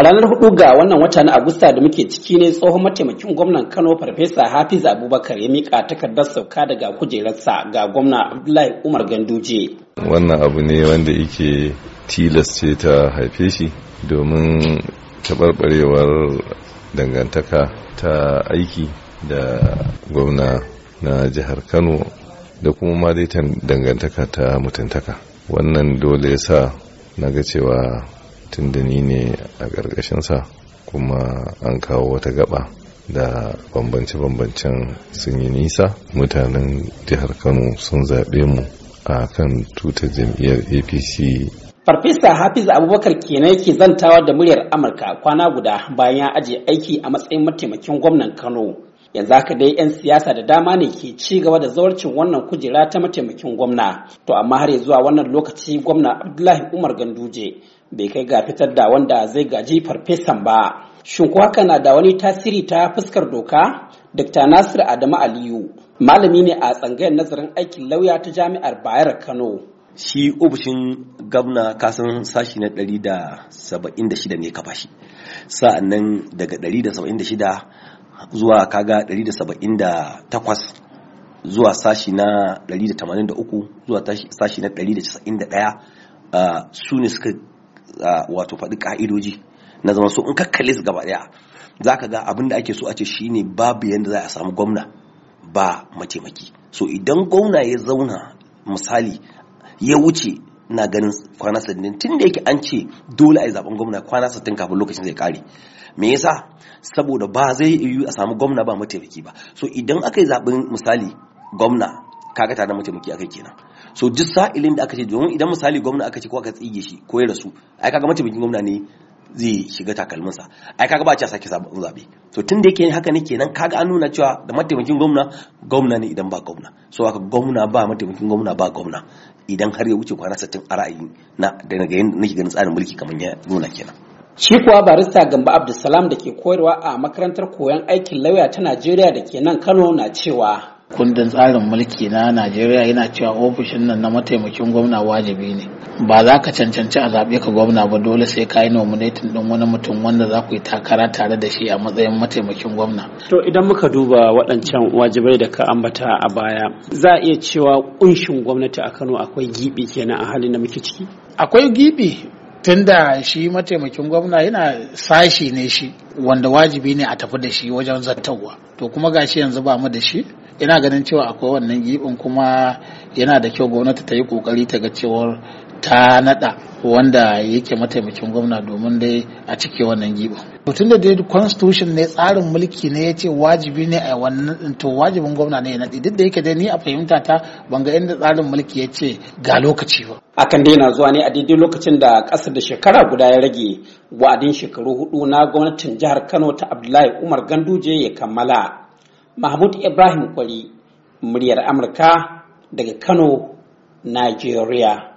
a ranar hudu ga wannan wata na agusta da muke ciki ne tsohon mataimakin gwamnan kano farfesa hafiz abubakar ya mika takardar sauka daga kujerarsa ga gwamna abdullahi umar ganduje wannan abu ne wanda yake tilasce ta haife shi domin taɓarɓarewar dangantaka ta aiki da gwamna na jihar kano da kuma ma dangantaka ta mutuntaka wannan dole ya sa na ga cewa tunda ni ne a ƙarƙashinsa kuma an kawo wata gaba da bambance-bambancen sun yi nisa mutanen jihar kano sun zaɓe mu a kan tuta jam'iyyar apc farfesa hafiz abubakar kenan yake zantawa da muryar amurka kwana guda bayan ya ajiye aiki a matsayin mataimakin gwamnan kano yanzu haka dai 'yan siyasa da dama ne ke ci gaba da zawarcin wannan kujera ta mataimakin gwamna to amma har zuwa wannan lokaci gwamna abdullahi umar ganduje bai kai ga fitar da wanda zai gaji farfesan ba shin ko haka na da wani tasiri ta fuskar doka dr nasir adamu aliyu malami ne a tsangayar nazarin aikin lauya ta jami'ar bayar kano shi ofishin gwamna kasan sashi na 176 ne ka bashi sa'annan daga 176 zuwa kaga 178 zuwa sashi na 183 zuwa sashi na 191 uh, su ne suka uh, wato faɗi ka'idoji na zama so in kakkale su gaba ɗaya za ka ga abin da ake so a ce shi ne babu yadda za a samu gwamna ba mataimaki so idan gwamna ya zauna misali ya wuce ina ganin kwana 60 tun da yake an ce dole a yi zaben gwamna kwana 60 kafin lokacin zai kare me yasa saboda ba zai yiwu a samu gwamna ba mataimaki ba so idan aka yi zaben misali gwamna kaga tare da mataimaki yi kenan so duk sa'ilin da aka ce domin idan misali gwamna aka ce ko aka tsige shi ko ya rasu ai kaga mataimakin gwamna ne zai shiga takalminsa ai kaga ba a sake zaben zabe to tun da yake haka ne kenan kaga an nuna cewa da mataimakin gwamna gwamna ne idan ba gwamna so aka gwamna ba mataimakin gwamna ba gwamna idan har ya wuce kwana 60 a ra'ayi na daga yin nake ganin tsarin mulki kamar ya nuna kenan shi kuwa barista gamba abdulsalam da ke koyarwa a makarantar koyon aikin lauya ta najeriya da ke nan kano na cewa kundin tsarin mulki na najeriya yana cewa ofishin nan na mataimakin gwamna wajibi ne ba za ka cancanci a zaɓe ka gwamna ba dole sai ka yi nominatin ɗin wani mutum wanda za ku yi takara tare da shi a matsayin mataimakin gwamna to idan muka duba waɗancan wajibai da ka ambata a baya za a iya cewa ƙunshin gwamnati a kano akwai gibi kenan a halin da muke ciki akwai gibi tunda shi mataimakin gwamna yana sashi ne shi wanda wajibi ne a tafi da shi wajen zattawa to kuma gashi yanzu ba mu da shi ina ganin cewa akwai wannan gibin kuma yana da kyau gwamnati ta yi kokari ta ga cewar ta nada wanda yake mataimakin gwamna domin dai a cike wannan giba. Mutum da dai constitution ne tsarin mulki ne ya ce wajibi ne a wannan to wajibin gwamna ne ya naɗi duk da yake dai ni a fahimta ta ban ga inda tsarin mulki ya ce ga lokaci ba. Akan dai na zuwa ne a daidai lokacin da ƙasar da shekara guda ya rage wa'adin shekaru hudu na gwamnatin jihar Kano ta Abdullahi Umar Ganduje ya kammala. Mahmud Ibrahim Kwari, muryar Amurka daga Kano, Nigeria.